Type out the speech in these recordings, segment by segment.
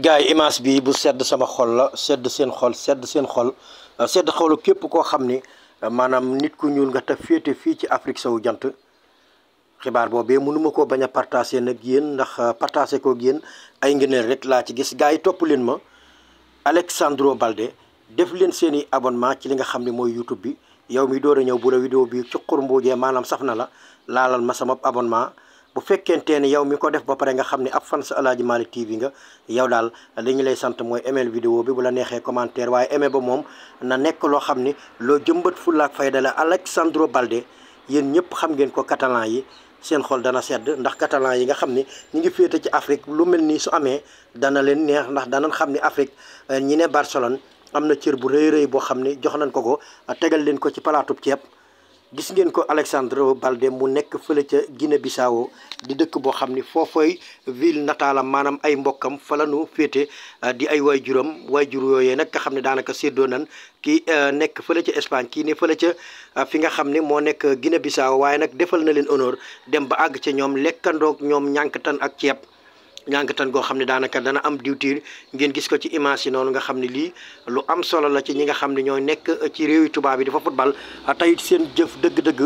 gars yi image bi bu sedd sama xol la sedd seen xol sedd seen xol euh, sedd xolu képp koo xam ni euh, maanaam nit ku ñuul nga te féete fii ci Afrique sowu jant xibaar boobee mënuma ko bañ a partagé nag yéen ndax euh, partagé ko yéen ay ngëneel rek laa ci gis gars yi topp leen ma Alexandro Balde def leen seen i abonnement ci li nga xam ne mooy YouTube bi yow mi door a ñëw bula la bi ci xur mbuujee maanaam saf na la laalal ma sama abonnement bu fekkentee ne yow mi ko def ba pare nga xam ni ab fan sa Aladji Malick TV nga yow daal li ñu lay sant mooy aimer vidéo bi bu la neexee commentaire waaye emee ba moom na nekk loo xam ni loo jëmbat fulaak fayda la Alexandro Balde yéen ñëpp xam ngeen ko catalan yi seen xool dana sedd ndax catalan yi nga xam ne ñu ngi féete ci Afrique lu mel nii su amee dana leen neex ndax danañ xam ne Afrique ñi ne Barcelone am na cër bu rëy rëy boo xam ne jox nañ ko ko tegal leen ko ci palaatub ceeb gis ngeen ko Alexandre Balde mu nekk fële ca Guinée Bissau di dëkk boo xam ni foofooy ville nataalam maanaam ay mbokkam fa la nu féete ah, di ay waajuram waajur yooyee nag nga xam ne daanaka séddoo nan kii ah, nekk fële ca Espagne kii ne fële ca ah, fi nga xam ne moo nekk Guinée Bissau waaye nag defal na leen honneur dem ba àgg ca ñoom lekkandoog ñoom ñànkatan ak ceeb. ñànkatan goo xam ne daanaka dana am diwtiir ngeen gis ko ci image noonu nga xam ne lii lu am solo la ci ñi nga xam ne ñooy nekk ci réewi tubaab yi dafa football tey seen jëf dëgg-dëgg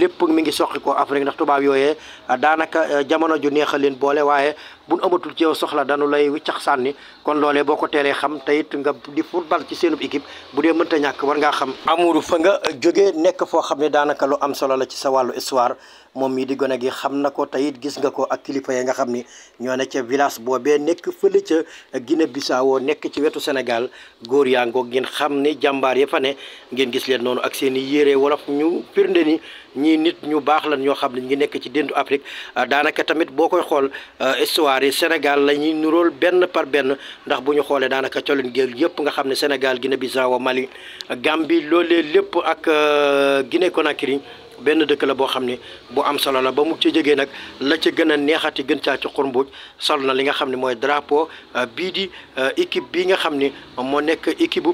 lépp mi ngi soqi ko Afrique ndax tubaab yooyee daanaka jamono ju neex a leen boole waaye buñ amatul ci yow soxla dañu lay wiccax sànni kon loolee boo ko teelee xam te it nga di football ci seenub équipe bu dee mënta ñàkk war ngaa xam amuru fa nga jógee nekk foo xam ne daanaka lu am solo la ci sa wàllu histoire moom mii di gone gi xam na ko teyit gis nga ko ak kilifa ya nga xam ni ñoo ne ca village boobee nekk fële ca Guinée Bissau nekk ci wetu Sénégal góor yaa ngoog ngeen xam ne jàmbaar ya fa ne ngeen gis leen noonu ak seen i yére wolof ñu firnde ni ñii nit ñu baax lan ñoo xam ne ngi nekk ci déndu Afrique daanaka tamit boo koy xool histoire départ Sénégal la ñuy nuróol benn par benn ndax bu ñu xoolee daanaka colin géel yëpp nga xam ne Sénégal Guinée Bissau Mali Gambie loolee lépp ak euh, Guinée Conakry benn dëkk la boo xam ne bu am solo la ba mu ci jógee nag la ci gën a neexati gën caa ci xurmbuj sol na li nga xam ne mooy drapeau euh, bii di euh, équipe bi nga xam ni moo nekk équipe bu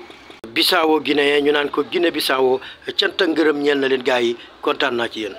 Bissau Guinée ñu naan ko Guinée Bissau cant ngërëm ñeel na leen gars yi kontaan naa ci yéen